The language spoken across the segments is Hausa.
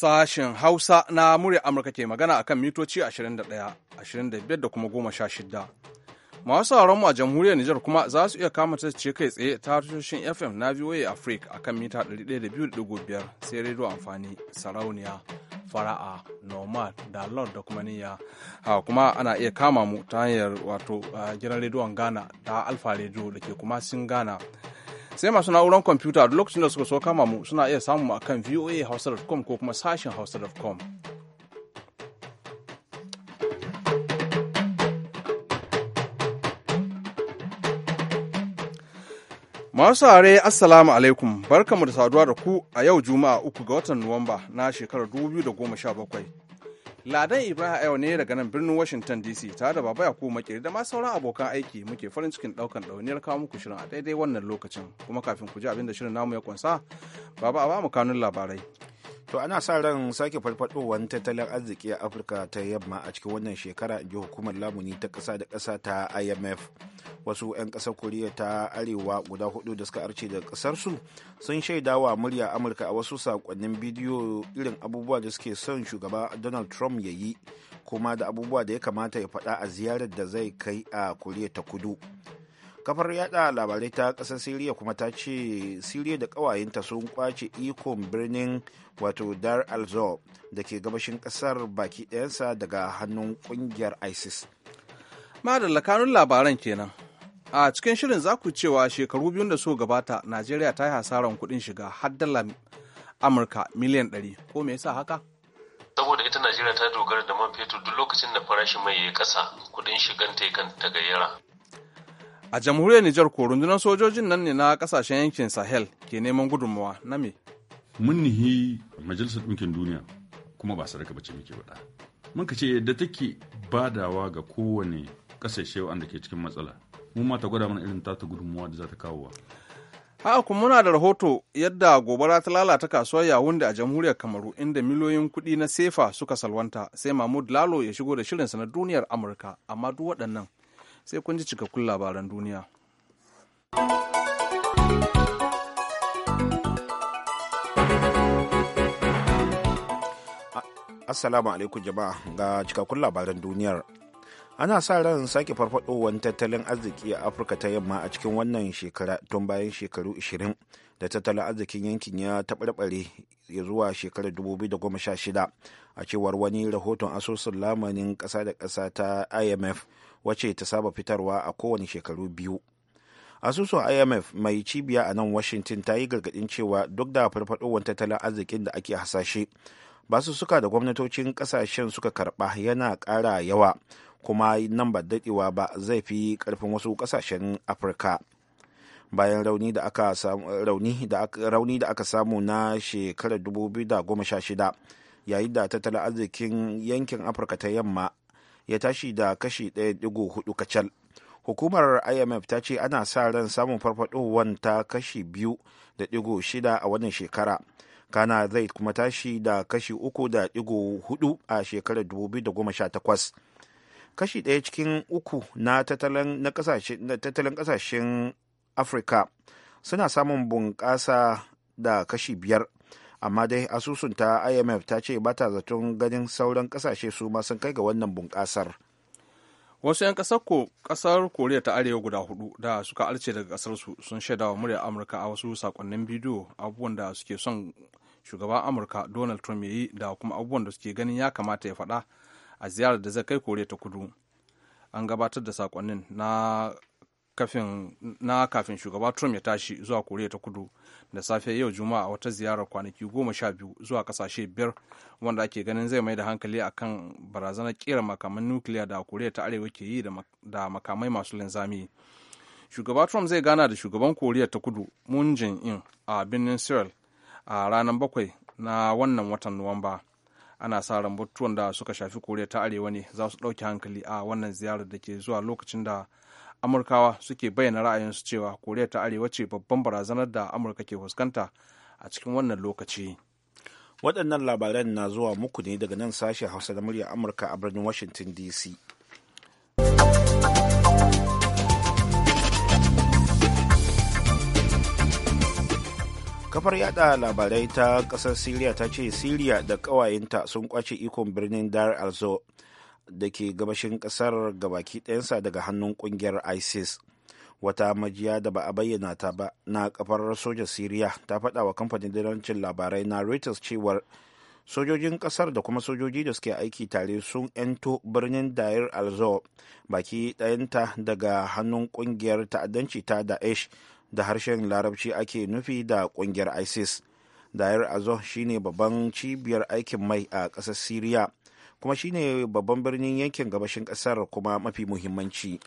sashen Hausa na murya Amurka ke magana akan mitoci 21, 25 da kuma 16. Masu mu a jamhuriyar Nijar kuma za su iya kama ce kai tsaye ta tashoshin FM na VOA Africa akan mita 102.5 sai rediyo amfani sarauniya fara'a nomad da lord da kuma niyya kuma ana iya kama mu ta hanyar wato gidan rediyon ghana ta alfa rediyo da ke kuma sun ghana sai masu na'urar kwamfuta duk lokacin da suka so kama mu suna iya samun mu akan voahausa.com ko kuma sashen hausa.com Masu sare Assalamu alaikum, barkamu da saduwa da ku a yau Juma'a uku ga watan Nuwamba na shekarar 2017. Ladan Ibrahim yau ne daga nan birnin Washington DC tare da Baba Yakubu Makeri da ma sauran abokan aiki muke farin cikin daukan dauniyar kawo muku shirin a daidai wannan lokacin kuma kafin ku ji abin da shirin namu ya kunsa Baba a ba mu kanun labarai. to ana sa ran sake farfadowar tattalin arziki a afirka ta yamma a cikin wannan shekara ji hukumar lamuni ta kasa da kasa ta imf wasu 'yan ƙasar koriya ta arewa guda hudu da suka arce da ƙasarsu sun shaida wa murya amurka a wasu sakonnin bidiyo irin abubuwa da suke son shugaba donald trump ya yi kuma da abubuwa da ya kamata ya faɗa a ziyarar da zai kai a koriya ta kudu kafar yada labarai ta kasar siriya kuma ta ce siriya da ƙawayenta sun kwace ikon birnin wato dar al da ke gabashin kasar baki ɗayansa daga hannun kungiyar isis madalla kanun labaran kenan a cikin shirin za ku cewa shekaru biyu da so gabata najeriya ta yi hasaran kuɗin shiga har dala amurka miliyan 100 ko me yasa haka saboda ita najeriya ta dogara da man fetur duk lokacin da farashin mai ya kasa kuɗin ta kan ta a jamhuriyar nijar ko rundunar sojojin nan ne na kasashen yankin sahel ke neman gudunmawa na me mun nihi majalisar ɗinkin duniya kuma ba sadaka bace muke faɗa mun ka ce yadda take badawa ga kowane ƙasashe wanda ke cikin matsala mun ma gwada mana irin tata gudunmuwa da za ta kawo Haka kuma muna da rahoto yadda gobara ta lalata kasuwar Yawunde a jamhuriyar Kamaru inda miliyoyin kuɗi na sefa suka salwanta sai Mahmud Lalo ya shigo da shirinsa na duniyar Amurka amma duk waɗannan sai kun ji cikakkun labaran duniya. assalamu alaikum jama'a ga cikakkun labaran duniyar ana sa ran sake farfadowar tattalin arziki a afirka ta yamma a cikin wannan shekara tun bayan shekaru 20 da tattalin arzikin yankin ya taɓarɓare ya zuwa shekarar 2016 a cewar wani rahoton asusun lamanin kasa da ƙasa ta imf wacce ta saba fitarwa a kowane shekaru biyu asusun imf mai cibiya a nan washington ta yi gargaɗin cewa duk da farfadowar tattalin arzikin da ake hasashe basu suka da gwamnatocin kasashen suka karba yana kara yawa kuma nan ba daɗewa ba zai fi karfin wasu kasashen afirka bayan rauni da aka samu rauni da aka rauni da aka samu na shekarar 2016 yayin da tattalin arzikin yankin afirka ta yamma ya tashi da kashi 1.4 kacal hukumar imf ta ce ana sa ran samun farfadowar ta kashi 2.6 a wannan shekara kana zai kuma tashi da kashi uku da digo hudu a shekarar 2018 kashi ɗaya cikin uku na tattalin kasashen afirka suna samun bunƙasa da kashi biyar amma dai asusun ta imf ta ce bata zaton ganin sauran ƙasashe su ma sun kai ga wannan bunƙasar wasu 'yan ƙasar koriya ta arewa guda hudu da suka arce daga ƙasarsu sun shaidawa murya amurka a wasu sakonnin bidiyo abubuwan da suke son shugaban amurka donald trump ya yi da kuma abubuwan da suke ganin ya kamata ya faɗa a ziyarar da zai kai koriya ta kudu an gabatar da sakonnin na kafin na kafin shugaba trump ya tashi zuwa koriya ta kudu da safe yau juma'a a wata ziyarar kwanaki goma sha biyu zuwa kasashe biyar wanda ake ganin zai mai da hankali kan barazanar kera makaman nukiliya da koriya ta arewa ke yi da makamai masu linzami shugaba trump zai gana da shugaban koriya ta kudu moon jae-in a birnin seoul a ranar bakwai na wannan watan nuwamba ana sa ran batutuwan da suka shafi koriya ta arewa ne za su ɗauki hankali a wannan ziyarar da ke zuwa lokacin da amurkawa suke bayyana ra'ayinsu cewa koriya ta arewa ce babban barazanar da amurka ke fuskanta a cikin wannan lokaci waɗannan labaran na zuwa muku ne daga nan sashen hausa da murya amurka a birnin washington dc kafar yada labarai ta kasar siriya ta ce siriya da kawayenta sun kwace ikon birnin dar al da ke gabashin kasar gabaki ɗayansa daga hannun kungiyar isis wata majiya da ba a bayyana ta ba na kafar sojan siriya ta faɗa wa kamfanin dinancin labarai na reuters cewar sojojin kasar da kuma sojoji da suke aiki tare sun 'yanto birnin dayar alzo baki ɗayanta daga hannun kungiyar ta'addanci ta daesh da harshen larabci ake nufi da kungiyar isis dayar azo shine babban cibiyar aikin mai a kasar syria kuma shine babban birnin yankin gabashin ƙasar kuma mafi muhimmanci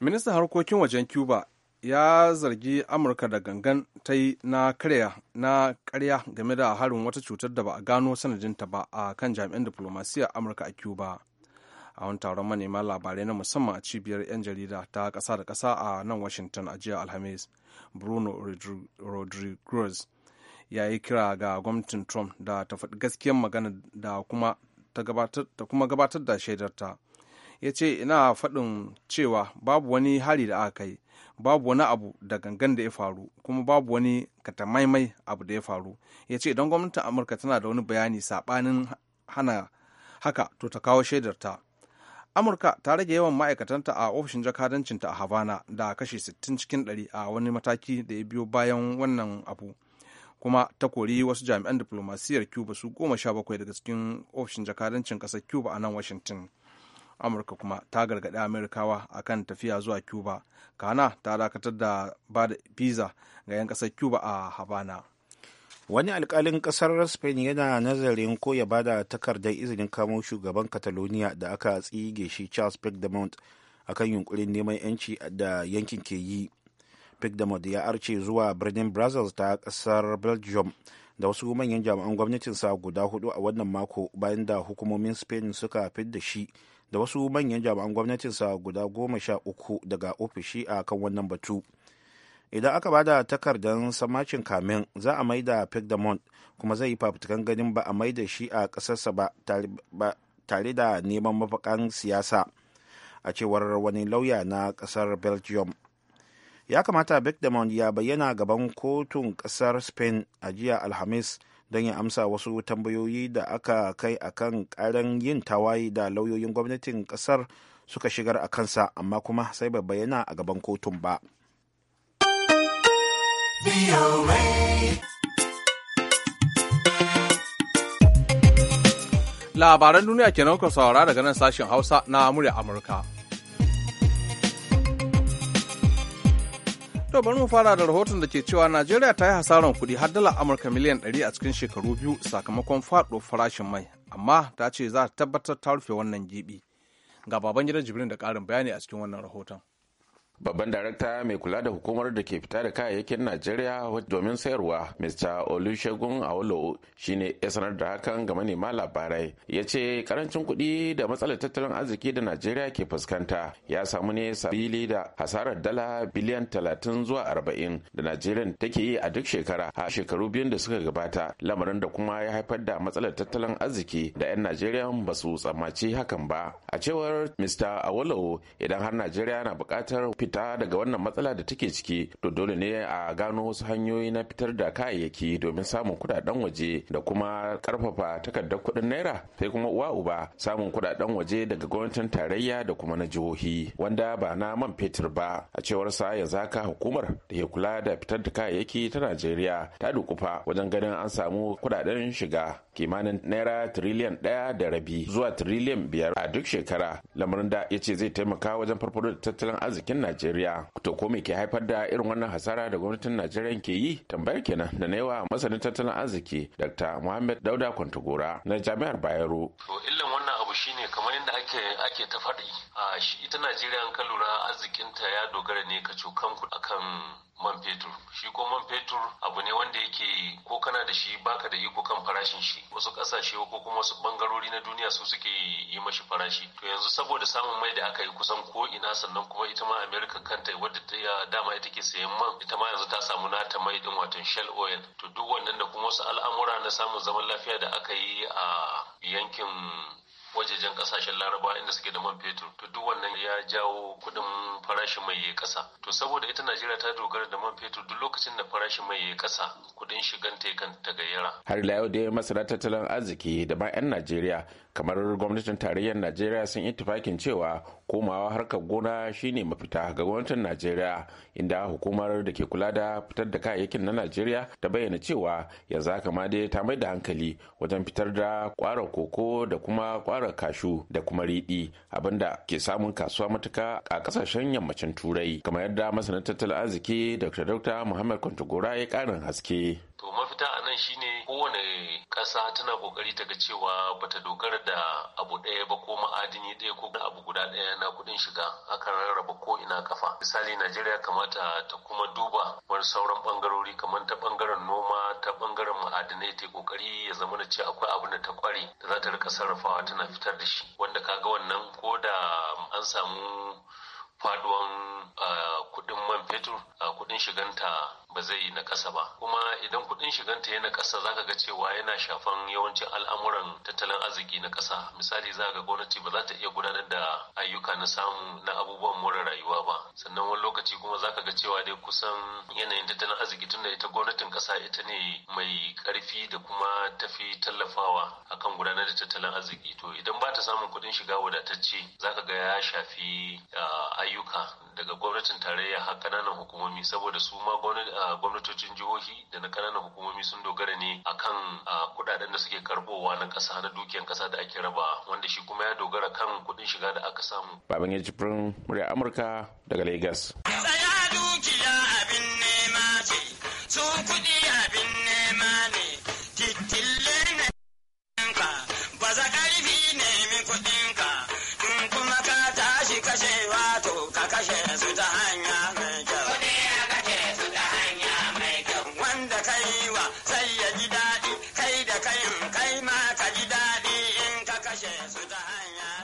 ministan harkokin wajen cuba ya zargi amurka da gangan ta yi na karya na karya game da harin wata cutar da ba a gano sanadinta ba a kan jami'an diplomasiyya amurka a cuba a wani taron manema labarai na musamman a cibiyar 'yan jarida ta ƙasa da ƙasa a nan washington a jiya alhamis bruno rodriguez ya yi kira ga gwamnatin trump da ta faɗi gaskiyar magana da kuma gabatar da shaidarta ya ce ina faɗin cewa babu wani hari da aka kai babu wani abu da gangan da ya faru kuma babu wani katamaimai abu da ya faru ya ce idan gwamnatin amurka tana da wani bayani saɓanin hana haka to ta kawo shaidarta amurka ta rage yawan ma'aikatanta a ofishin jakadancinta a havana da kashe 60 cikin 100 a wani mataki da ya biyo bayan wannan abu kuma ta kori wasu jami'an diplomasiyar cuba su goma sha bakwai daga cikin ofishin jakadancin ƙasar cuba a nan washington amurka kuma ta gargaɗi amerikawa a kan tafiya zuwa cuba kana ta dakatar da ba da visa ga 'yan ƙasar cuba a havana wani alkalin kasar spain yana nazarin ko ya bada takardar izinin kamo shugaban catalonia da aka tsige shi charles a akan yunkurin neman yanci da yankin ke yi puigdemont ya arce zuwa birnin brazil ta kasar belgium da wasu manyan jami'an gwamnatinsa guda hudu a wannan mako bayan da hukumomin spain suka fidda shi da wasu manyan jami'an gwamnatinsa guda goma sha uku daga ofishi a kan wannan batu. idan aka bada takardar samacin kamin za a mai maida piedmont kuma zai yi fafutukan ganin ba a da shi a kasarsa ba tare da neman mafakan siyasa a cewar wani lauya na kasar belgium ya kamata piedmont ya bayyana gaban kotun kasar spain a jiya alhamis don ya amsa wasu tambayoyi da aka kai akan karan yin tawaye da lauyoyin gwamnatin kasar suka shigar a kansa amma kuma sai ba bayyana a gaban kotun ba. Labaran duniya kenan ku saurara daga nan sashen Hausa na murya Amurka. To bari mu fara da rahoton da ke cewa Najeriya ta yi hasaran kuɗi har dala Amurka miliyan 100 a cikin shekaru biyu sakamakon faɗo farashin mai, amma ta ce za ta tabbatar ta rufe wannan gibi. Ga baban gidan Jibrin da ƙarin bayani a cikin wannan rahoton. Babban darakta mai kula da hukumar da ke fita da kayayyakin Najeriya domin sayarwa, Mr. Olusegun Awolo shine ya sanar da hakan ga manema labarai. Ya ce karancin kuɗi da matsalar tattalin arziki da Najeriya ke fuskanta ya samu ne sabili da hasarar dala biliyan talatin zuwa arba'in da Najeriya take yi a duk shekara a shekaru biyun da suka gabata, lamarin da kuma ya haifar da matsalar tattalin arziki da 'yan Najeriya ba su tsammaci hakan ba. A cewar Mr. Awolo idan har Najeriya na buƙatar fita daga wannan matsala da take ciki to dole ne a gano wasu hanyoyi na fitar da kayayyaki domin samun kudaden waje da kuma karfafa takardar kudin naira sai kuma uwa uba samun kudaden waje daga gwamnatin tarayya da kuma na jihohi wanda ba na man fetur ba a cewar sa yanzu haka hukumar da ke kula da fitar da kayayyaki ta Najeriya ta dukufa wajen ganin an samu kudaden shiga kimanin naira tiriliyan ɗaya da rabi zuwa tiriliyan biyar a duk shekara lamarin da ya ce zai taimaka wajen farfado da tattalin arzikin najeriya to ko me ke haifar da irin wannan hasara da gwamnatin najeriya ke yi tambayar kenan da na yawa masanin tattalin arziki dr muhammad dauda kwantagora na jami'ar bayero to illan wannan abu shine kamar yadda ake ake ta faɗi a shi ita najeriya an ka lura arzikinta ya dogara ne ka cokan akan man fetur shi ko man fetur abu ne wanda yake ko kana da shi baka da iko kan farashin shi wasu kasashe ko kuma wasu bangarori na duniya su suke yi mashi farashi to yanzu saboda samun mai da aka yi kusan ko ina sannan kuma ita ma america kanta wadda ta dama ita ke sayan man ita ma yanzu ta samu nata mai din watan shell oil to duk wannan da kuma wasu al'amura na samun zaman lafiya da aka yi a yankin wajejen kasashen laraba inda suke da man fetur to duk wannan ya jawo kudin farashin mai yayi kasa to saboda ita najeriya ta dogara da man fetur duk lokacin da farashin mai ya kasa kudin shigan ta yakan tagayyara har ila yau dai masana tattalin arziki da ma 'yan najeriya kamar gwamnatin tarayyar najeriya sun yi tufakin cewa komawa harkar gona shine mafita ga gwamnatin najeriya inda hukumar da ke kula da fitar da kayayyakin na najeriya ta bayyana cewa ya kama ma dai ta mai da hankali wajen fitar da kwara koko da kuma kwara kashu da kuma riɗi abinda ke samun kasuwa matuka a kasashen yammacin turai kamar yadda masanin tattalin arziki dr dr muhammad kwantagora ya karin haske To mafita a nan shine kowane ƙasa tana kokari ta ga cewa bata dogara da abu ɗaya ba ko ma'adini ɗaya ko abu guda ɗaya na kuɗin shiga aka rarraba ko ina kafa. Misali Najeriya kamata ta kuma duba wani sauran ɓangarori kamar ta ɓangaren noma ta ɓangaren ma'adinai ta kokari ya zama na cewa akwai abin da ta kware da za ta rika sarrafawa tana fitar da shi wanda kaga wannan ko da an samu faduwan ah, kudin man fetur a ah, kudin shiganta ba zai yi na ƙasa ba kuma idan kuɗin shiganta ya ƙasa zaka ga cewa yana shafan yawancin al'amuran tattalin arziki na ƙasa misali za ga gwamnati ba za ta iya gudanar da ayyuka na samu na abubuwan more rayuwa ba sannan wani lokaci kuma zaka ga cewa dai kusan yanayin tattalin arziki tunda ita gwamnatin ƙasa ita ne mai ƙarfi da kuma tafi tallafawa akan gudanar da tattalin arziki to idan ba ta samun kuɗin shiga wadatacce zaka ga ya shafi ah, ayyuka daga gwamnatin tarayya har ƙananan hukumomi saboda su ma gwamnati gwamnatocin jihohi da na kananan hukumomi sun dogara ne akan kuɗaɗen da suke karbowa na ƙasa na dukiyan ƙasa da ake raba wanda shi kuma ya dogara kan kuɗin shiga da aka samu baban ya jibrin murya amurka daga lagos tsaya dukiya abin nema ce sun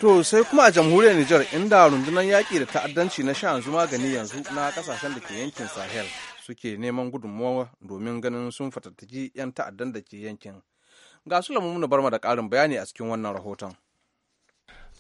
To sai kuma a jamhuriyar Nijar inda rundunar yaƙi da ta'addanci na sha yanzu magani yanzu na kasashen da ke yankin Sahel suke neman gudunmawa domin ganin sun fatattaki 'yan ta'addan da ke yankin. Ga su lamu bar da ƙarin bayani a cikin wannan rahoton.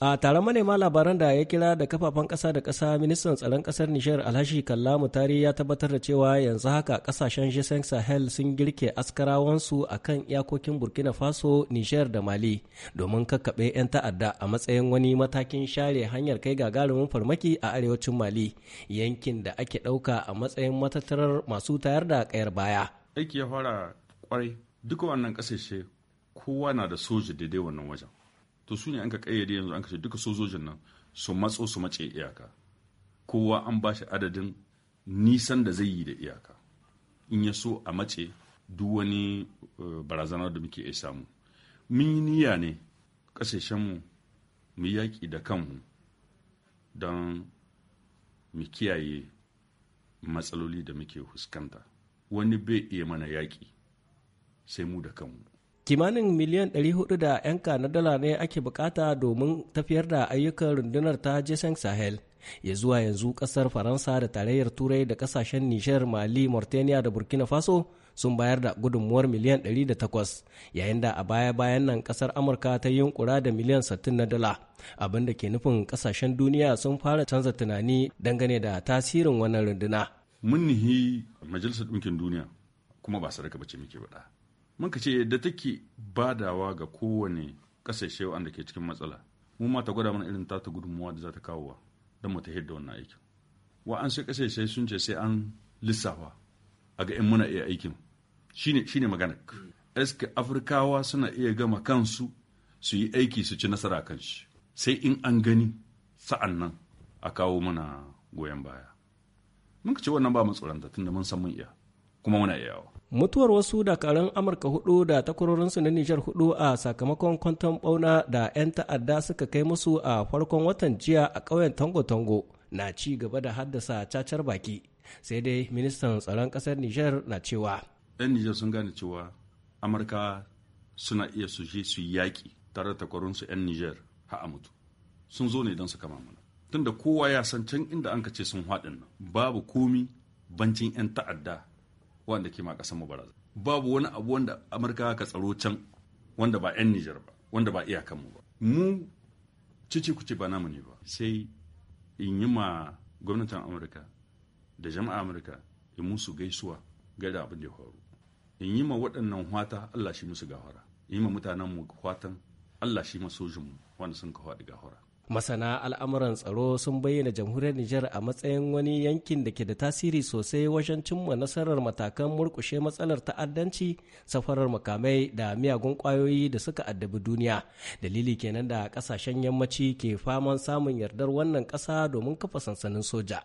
a taron manema labaran da ya kira da kafafen ƙasa da ƙasa ministan tsaron ƙasar nishar alhashi kalla mutari ya tabbatar da cewa yanzu haka kasashen jisan sahel sun girke askarawansu a kan iyakokin burkina faso nishar da mali domin kakkaɓe 'yan ta'adda a matsayin wani matakin share hanyar kai gagarumin farmaki a arewacin mali yankin da ake ɗauka a matsayin matattarar masu tayar da kayar baya aiki ya fara kwarai duka wannan ƙasashe kowa na da soja daidai wannan wajen to su ne an ka kayyade yanzu an ka ce duka sojojin nan su matso su mace iyaka kowa an ba shi adadin nisan da zai yi da iyaka in ya so a mace duk wani eh, barazanar da muke iya samu mun yi niyya ne ƙasashenmu mu yaƙi da kanmu don mu kiyaye matsaloli da muke fuskanta wani bai iya mana yaƙi sai mu da kanmu kimanin miliyan 400 da 'yan na dala ne ake bukata domin tafiyar da ayyukan rundunar ta jason sahel ya zuwa yanzu kasar faransa da tarayyar turai da kasashen nishar mali mauritania da burkina faso sun bayar da gudunmuwar miliyan 108 yayin da a baya-bayan nan kasar amurka ta yi yunkura da miliyan 60 na dala abin da ke nufin kasashen duniya sun fara canza tunani dangane da tasirin wannan runduna mun nihi majalisar ɗinkin duniya kuma ba sadaka ce muke faɗa mun ka ce yadda take badawa ga kowane kasashe wanda ke cikin matsala mu ma ta gwada mana irin tata gudunmuwa da za ta kawo wa don mu ta da wannan aikin wa an sai kasashe sun ce sai an lissafa a ga in muna iya aikin shine ne magana eske afirkawa suna iya gama kansu su yi aiki su ci nasara kan shi sai in an gani sa'an nan a kawo mana goyon baya mun ka ce wannan ba mu tsoranta tunda mun san mun iya kuma muna iyawa mutuwar wasu dakarun amurka hudu da takwarorinsu na nijar hudu a sakamakon kwanton bauna da 'yan ta'adda suka kai musu a farkon watan jiya a ƙauyen tango-tango na ci gaba da haddasa cacar baki sai dai ministan tsaron kasar nijar na cewa 'yan nijar sun gane cewa amurka suna iya su je su yaƙi tare da 'yan nijar har mutu sun zo ne don su kama mana tunda kowa ya san can inda an ce sun haɗin nan babu komi bancin 'yan ta'adda wanda ke ma kasan mu babu wani abu wanda amurka ka tsaro can wanda ba 'yan nijar ba wanda ba iyakan mu ba mu cici kuce ba namu ne ba sai in yi ma gwamnatin amurka da jama'a amurka in musu gaisuwa ga da abin da ya faru in yi ma waɗannan hwata allah shi musu gahora in yi ma mutanen mu hwatan allah shi ma sojin mu wanda sun ka faɗi gahora masana al'amuran tsaro sun bayyana jamhuriyar nijar a matsayin wani yankin da ke da tasiri sosai wajen cimma nasarar matakan murkushe matsalar ta'addanci safarar makamai da miyagun kwayoyi da suka addabi duniya dalili kenan da kasashen yammaci ke faman samun yardar wannan kasa domin kafa sansanin soja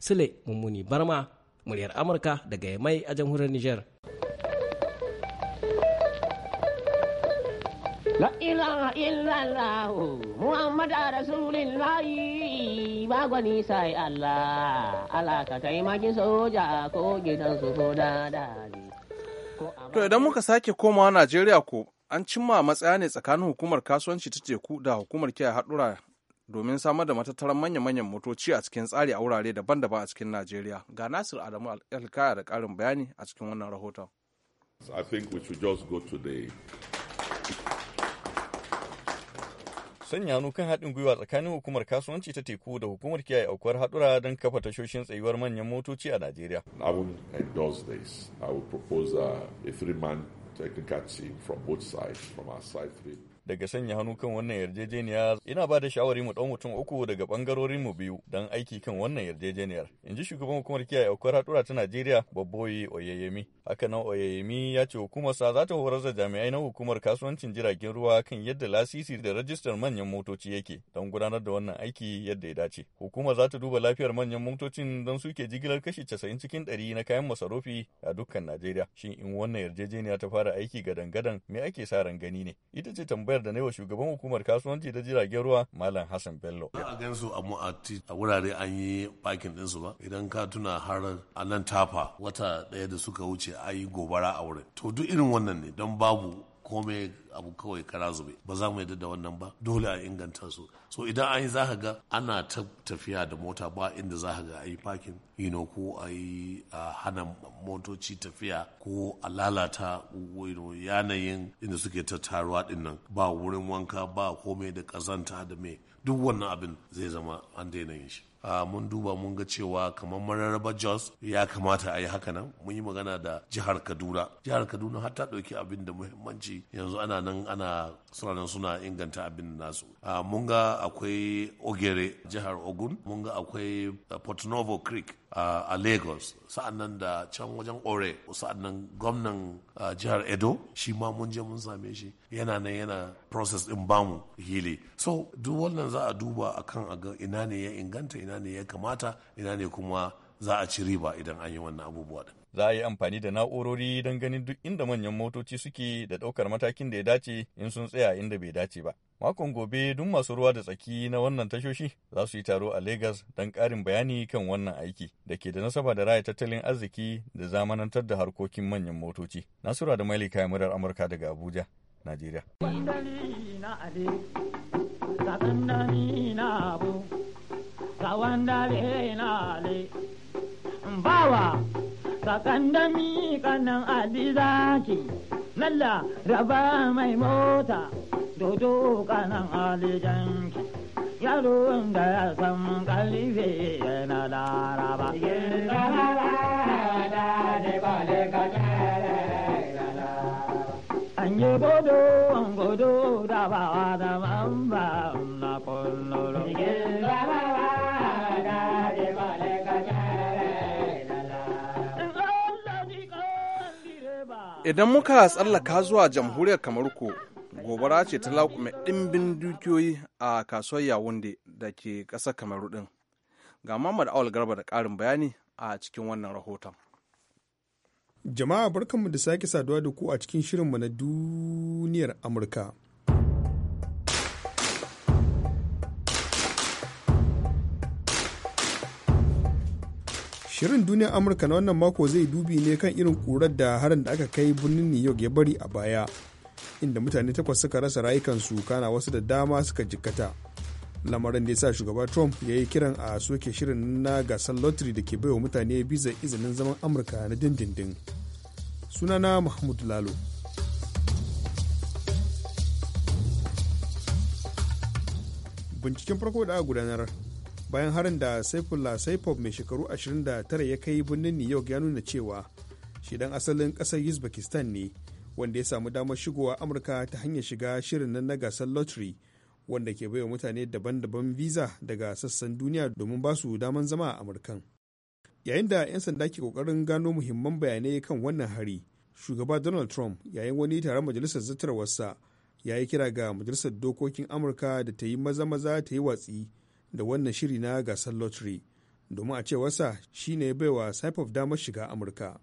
sule mummuni barma muryar amurka daga yamai a jamhuriyar nijar La ilaha illallah Muhammad Rasulullah ba Allah soja ko gidan su ko To idan muka sake komawa Najeriya ko an cimma matsaya ne tsakanin hukumar kasuwanci ta teku da hukumar kiyaye haɗura domin samar da matattaran manya-manyan motoci a cikin tsari a wurare daban-daban a cikin Najeriya. Ga Nasir Adamu Alkaya da ƙarin bayani a cikin wannan rahoton. I go to sanya hannu kan haɗin gwiwa tsakanin hukumar kasuwanci ta teku da hukumar kiyaye aukuwar haɗura don kafa tashoshin tsayuwar manyan motoci a Najeriya. I will endorse this. I will propose a three-man technical team from both sides, from our side three. daga sanya hannu kan wannan yarjejeniya ina ba da shawari mu ɗau mutum uku daga bangarorin mu biyu don aiki kan wannan yarjejeniyar in ji shugaban hukumar kiyaye aukuwar hadura ta najeriya babboyi oyeyemi haka nan oyeyemi ya ce hukumarsa za ta horar da jami'ai na hukumar kasuwancin jiragen ruwa kan yadda lasisi da rajistar manyan motoci yake don gudanar da wannan aiki yadda ya dace hukumar za ta duba lafiyar manyan motocin don suke jigilar kashi casa'in cikin ɗari na kayan masarufi a dukkan najeriya shin in wannan yarjejeniya ta fara aiki ga dangadan me ake sa ran gani ne ita ce tambayar tambayar da na shugaban hukumar kasuwanci da jiragen ruwa Malam Hassan Bello. Ba a gan su a a wurare an yi bakin su ba. Idan ka tuna har a nan tafa wata daya da suka wuce a yi gobara a wurin. To duk irin wannan ne don babu komai abu kawai kara zube ba za mu yadda da wannan ba dole a inganta su so idan an yi za ga ana ta tafiya da mota ba inda za ga a yi parking you know ko a yi hana motoci tafiya ko a lalata yanayin inda suke ta taruwa din nan ba wurin wanka ba komai da kazanta da me duk wannan abin zai zama an daina yin shi Ah, mun duba mun ga cewa kamar mararraba jos ya kamata a yi haka nan mun yi magana da jihar kaduna jihar kaduna har ta ɗauki abin da muhimmanci yanzu ana nan ana suna suna inganta abin nasu ah, mun ga akwai ogere jihar ogun mun ga akwai ah, portnovo creek a lagos sa'annan da can wajen ore sa'annan gwamnan jihar edo shi ma mun je mun same shi yana nan yana process din bamu hili so duk wannan za a duba akan a ga ina ne ya inganta ina ne ya kamata ina ne kuma za a ci riba idan an yi wannan abubuwa din. Za a yi amfani da na'urori don ganin duk inda manyan motoci suke da ɗaukar matakin da ya dace in sun tsaya inda bai dace ba. Makon gobe duk masu ruwa da tsaki na wannan tashoshi za su yi taro a Legas don ƙarin bayani kan wannan aiki da ke da nasaba da raya tattalin arziki da zamanantar da harkokin manyan motoci. Nasura da Maili kayan murar Amurka daga Abuja, Najeriya. na bawa kakan da kanan Ali zaki lalla raba mai mota dodo kanan alijanki yaron da ya san kalife yana laraba an yi godo an godo da bawa da mamba na kullum Idan muka tsallaka zuwa jamhuriyar Kamaru ku gobara ce ta laƙume ɗimbin dukiyoyi a kasuwar Yawunde da ke ƙasar Kamaru ɗin. Ga Muhammad Awal Garba da ƙarin bayani a cikin wannan rahoton. Jama'a barkanmu da sake saduwa da ku a cikin shirinmu na duniyar Amurka. Shirin duniyar Amurka na wannan mako zai dubi ne kan irin kurar da harin da aka kai birnin New York ya bari a baya, inda mutane takwas suka rasa rayukansu kana wasu da dama suka jikkata. Lamarin da ya sa shugaba Trump ya yi kiran a soke shirin na gasar lottery da ke baiwa mutane biza izinin zaman Amurka na dindindin. Sunana Mahmud Lalo. Binciken farko da aka gudanar bayan harin da saifullah saipov mai shekaru 29 ya kai birnin new york ya nuna cewa shi dan asalin kasar uzbekistan ne wanda ya samu damar shigowa amurka ta hanyar shiga shirin nan na gasar lottery wanda ke baiwa mutane daban-daban visa daga sassan duniya domin ba su daman zama a amurkan yayin da 'yan sanda ke kokarin gano muhimman bayanai kan wannan hari shugaba donald trump yayin wani taron majalisar zartarwarsa ya yi kira ga majalisar dokokin amurka da ta yi maza-maza ta yi watsi da wannan shiri na gasar lottery domin a ce wasa shi ne baiwa saipov damar shiga amurka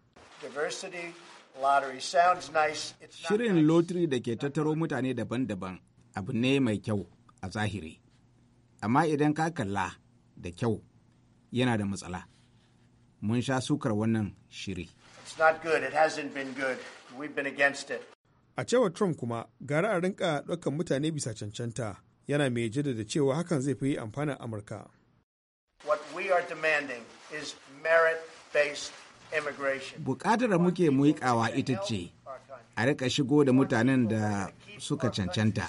shirin lottery da ke tattaro mutane daban-daban abu ne mai kyau a zahiri amma idan ka kalla da kyau yana da matsala mun sha sukar wannan shiri a cewar trump kuma gara a rinka ɗaukan mutane bisa cancanta yana mai jaddada cewa hakan zai fi amfanin amurka bukatar muke muikawa ita ce a rika shigo da mutanen da suka cancanta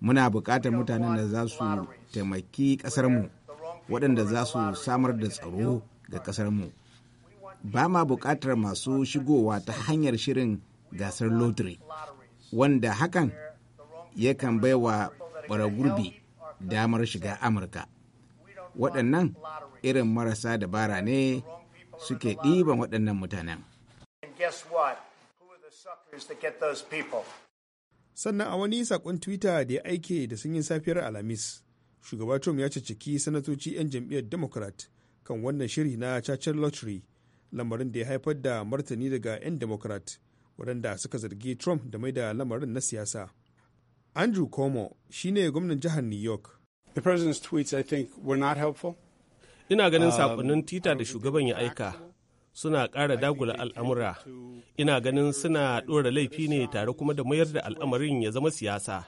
muna bukatar mutanen da za su taimaki ƙasarmu waɗanda za su samar da tsaro ga ƙasarmu ba ma buƙatar masu shigowa ta hanyar shirin gasar lotiri wanda hakan yakan baiwa bara gurbi damar shiga amurka waɗannan irin marasa dabara ne suke ɗiban waɗannan mutanen sannan a wani saƙon twitter da ya aike da sun yi safiyar alhamis shugaba trump ya ciki sanatoci 'yan jam'iyyar democrat kan wannan shiri na cacar lottery lamarin da ya haifar da martani daga 'yan democrat waɗanda suka zargi trump da mai da lamarin na siyasa Andrew Cuomo shi ne gwamnan jihar New York. The president's tweets, I think, were not helpful. Ina ganin um, sakonnin tita da shugaban ya aika suna ƙara dagula al'amura. Ina ganin suna ɗora laifi ne tare kuma da mayar da al'amarin ya zama siyasa.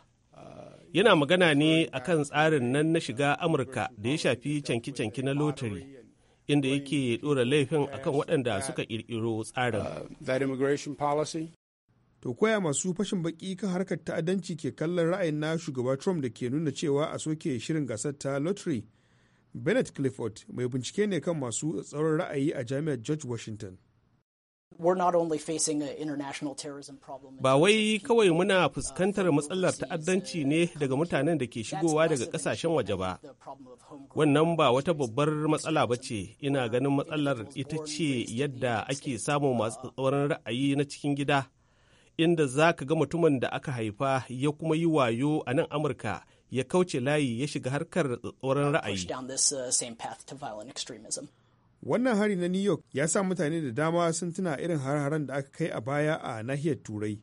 Yana magana ne akan tsarin nan na shiga Amurka da ya shafi canki-canki na lotari. inda yake ɗora laifin akan waɗanda suka ƙirƙiro tsarin. Uh, to koya masu fashin baki kan harkar ta'addanci ke kallon ra'ayin na shugaba trump da ke nuna cewa a soke shirin gasar ta lottery bennett clifford mai bincike ne kan masu tsaron ra'ayi a jami'ar george washington Ba wai kawai muna fuskantar matsalar ta'addanci ne daga mutanen da ke shigowa daga kasashen waje ba. Wannan ba wata babbar matsala ba ce, ina ganin matsalar ita ce yadda ake samun masu tsatsauran ra'ayi na cikin gida inda za ka ga mutumin da aka haifa ya kuma yi wayo a nan Amurka ya kauce layi ya shiga harkar tsoron ra'ayi. Uh, Wannan hari na New York ya sa mutane da dama sun tuna irin har-haren da aka kai a baya a nahiyar Turai,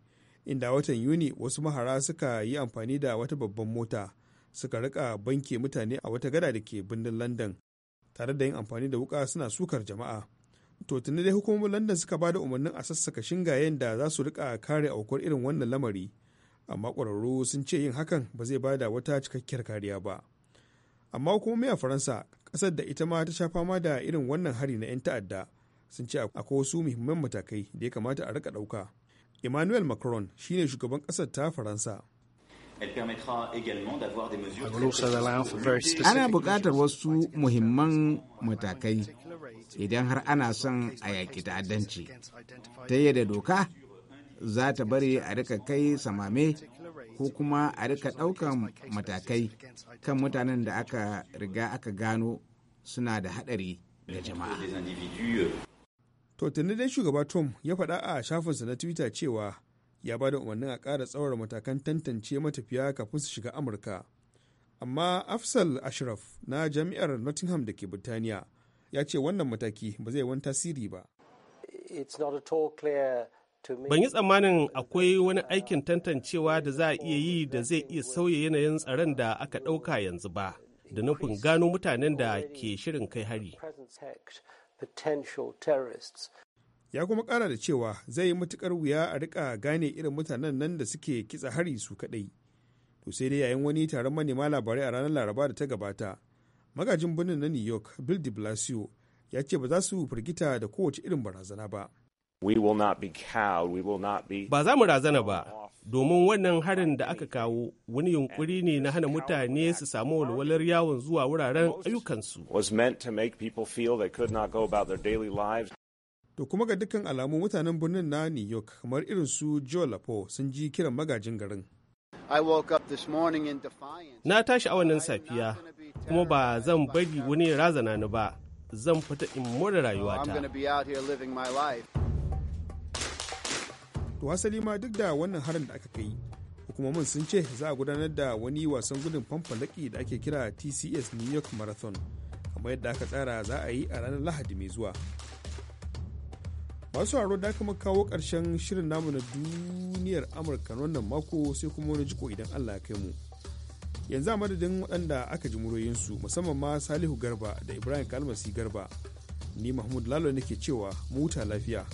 inda watan Yuni wasu mahara suka yi amfani da wata babban mota suka rika banke mutane a wata gada da ke birnin London, tare da yin amfani da wuka suna sukar jama'a. to tuni dai hukumomin london suka ba da umarnin a sassaka shingayen da za su rika kare aukuwar irin wannan lamari amma ƙwararru sun ce yin hakan ba zai ba da wata cikakkiyar kariya ba amma hukumomi a faransa ƙasar da ita ma ta sha fama da irin wannan hari na 'yan ta'adda sun ce akwai wasu muhimman matakai da ya kamata a rika ɗauka emmanuel macron shine shugaban ƙasar ta faransa Ana buƙatar wasu muhimman matakai idan har ana son a yaƙi ta'addanci, ta yadda doka za ta bari a rika kai samame ko kuma a rika ɗaukan matakai kan mutanen da aka riga aka gano suna da haɗari ga jama'a. Euh. To, dai shugaba Tom ya faɗa a shafinsa na Twitter cewa ya ba da umarnin a ƙara tsawar matakan tantance matafiya kafin su shiga amurka amma afsal ashraf na jami'ar nottingham da ke birtaniya ya ce wannan mataki ba zai wani tasiri ba ban yi tsammanin akwai wani aikin tantancewa da za a iya yi da zai iya sauya yanayin tsaron da aka ɗauka yanzu ba da nufin gano mutanen da ke shirin kai hari ya kuma kara da cewa zai yi matukar wuya a rika gane irin mutanen nan da suke kitsa hari su kadai to sai dai yayin wani taron manema labarai a ranar laraba da ta gabata magajin birnin na new york bill de blasio ya ce ba za su firgita da kowace irin barazana ba ba za mu razana ba domin wannan harin da aka kawo wani yunkuri ne na hana mutane su samu walwalar yawon zuwa wuraren ayyukansu to kuma ga dukkan alamu mutanen birnin na new york kamar irin su joe lapo sun ji kiran magajin garin na tashi a wannan safiya kuma ba zan bari wani razana ni ba zan fita in more rayuwata oh, to asali ma duk da wannan harin da aka kai hukumomin sun ce za a gudanar da wani wasan gudun famfalaki da ake kira tcs new york marathon kamar yadda aka tsara za a yi a ranar lahadi mai zuwa wasu haro da kama kawo ƙarshen shirin namu na duniyar amurka wannan mako sai kuma wani jiko idan allah ya kai mu yanzu a madadin waɗanda aka ji muroyinsu musamman ma salihu garba da ibrahim kalmasi garba ni mahmud lalo nake cewa muta lafiya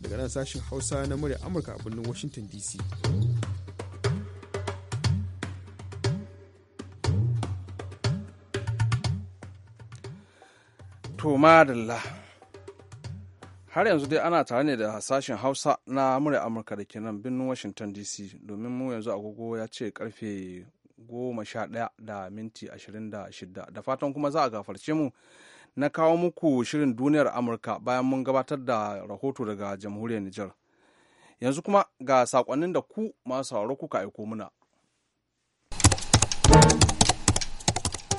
daga nan sashen hausa na murya amurka a birnin washington dc to har yanzu dai ana tare ne da sashen hausa na murya amurka da ke nan birnin washington dc domin mu yanzu agogo ya ce karfe goma sha ɗaya da minti ashirin da shida da fatan kuma za a gafarce mu na kawo muku shirin duniyar amurka bayan mun gabatar da rahoto daga jamhuriyar nijar yanzu kuma ga sakonnin da ku masu sauraro kuka aiko muna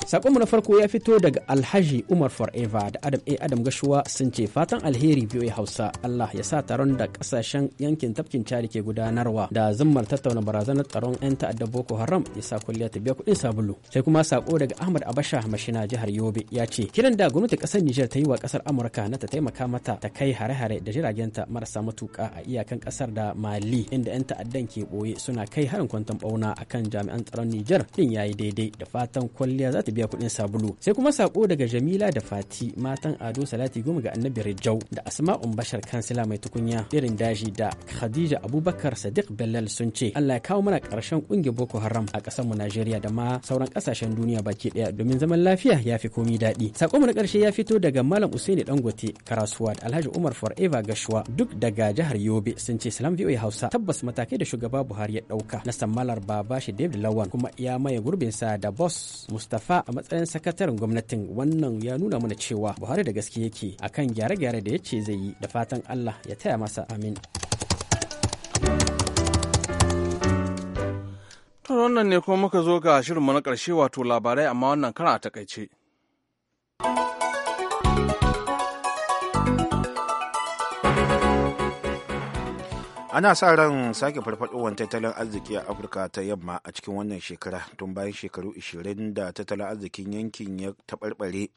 Sakonmu na farko ya fito daga Alhaji Umar Forever da Adam A. Adam Gashuwa sun ce fatan alheri biyu Hausa Allah ya sa taron da kasashen yankin tafkin cari ke gudanarwa da zummar tattauna barazanar tsaron 'yan ta'adda Boko Haram ya sa kulliya ta biya kuɗin sabulu. Sai kuma sako daga Ahmad Abasha Mashina jihar Yobe ya ce kiran da gwamnati ƙasar Nijar ta yi wa kasar Amurka na ta taimaka mata ta kai hare-hare da jiragenta marasa matuka a iyakan kasar da Mali inda 'yan ta'addan ke ɓoye suna kai harin kwanton bauna akan jami'an tsaron Nijar din yi daidai da fatan kwalliya za ta biya kuɗin sabulu sai kuma sako daga jamila da fati matan ado salati goma ga annabi rijau da asma bashar kansila mai tukunya irin daji da khadija abubakar sadiq bellal sun ce allah ya kawo mana ƙarshen ƙungiyar boko haram a ƙasar mu najeriya da ma sauran ƙasashen duniya baki ɗaya domin zaman lafiya ya fi komi daɗi sako mu na ƙarshe ya fito daga malam usaini dangote karasuwa da alhaji umar forever gashuwa duk daga jihar yobe sun ce salam voa hausa tabbas matakai da shugaba buhari ya ɗauka na sammalar baba shi david lawan kuma ya maye gurbinsa da boss mustapha a matsayin sakataren gwamnatin wannan ya nuna mana cewa buhari da gaske yake a kan gyare-gyare da ya ce zai yi da fatan allah ya taya masa amin wannan ne kuma muka zo ga shirinmu na karshe wato labarai amma wannan kana a takaice. ana sa ran sake farfadowar tattalin arziki a afirka ta yamma a cikin wannan shekara tun bayan shekaru 20 da tattalin arzikin yankin ya tabarbare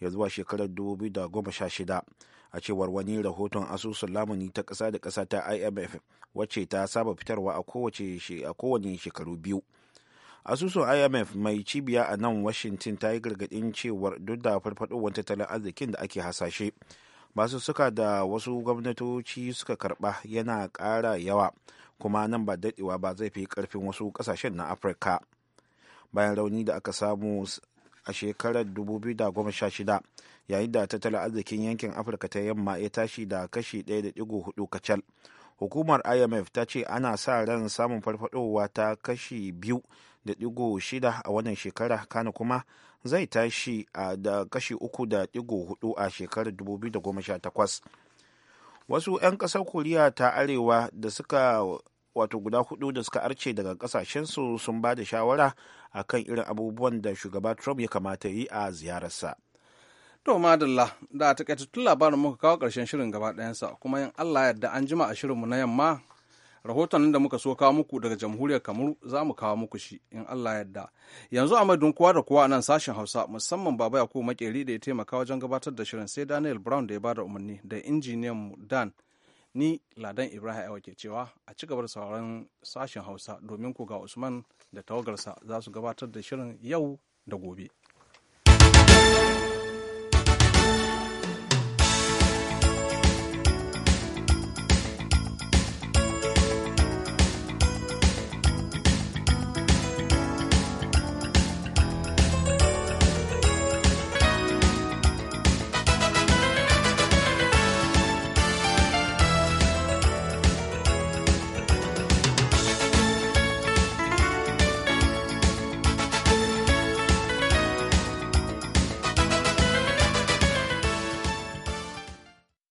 ya zuwa shekarar 2016 a cewar wani rahoton asusun lamuni ta kasa da kasa ta imf wacce ta saba fitarwa a kowane shekaru biyu asusun imf mai cibiya a nan washington ta yi gargaɗin cewar duk da farfadowar tattalin arzikin da ake hasashe suka da wasu gwamnatoci suka karba yana ƙara yawa kuma nan ba daɗewa ba zai fi karfin wasu ƙasashen na afirka bayan rauni da aka samu a shekarar 2016 yayin da tattalin arzikin yankin afirka ta yamma ya tashi da kashi 1.4 kacal hukumar imf ta ce ana sa ran samun farfadowa ta kashi 2.6 a wannan shekara kana kuma zai tashi da kashi uku da digo hudu a shekarar 2018 wasu 'yan ƙasar koriya ta arewa da suka wato guda hudu da suka arce daga kasashensu sun ba da shawara a kan irin abubuwan da shugaba trump ya kamata yi a ziyararsa to madalla da a takaitattun labarin muka kawo karshen shirin gaba ɗayansa kuma yin allah yadda an jima a shirinmu na yamma rahoton da muka so kawo muku daga jamhuriyar kamaru za mu kawo muku shi in allah yadda yanzu a madun kowa da kowa a nan sashen hausa musamman baba ya yakubu makeri da ya taimaka wajen gabatar da shirin sai daniel brown da ya bada umarni da injiniyan mu dan ni ladan ibrahim aiwa ke cewa a ci gaba da sauran sashen hausa domin ku ga usman da tawagarsa za su gabatar da shirin yau da gobe.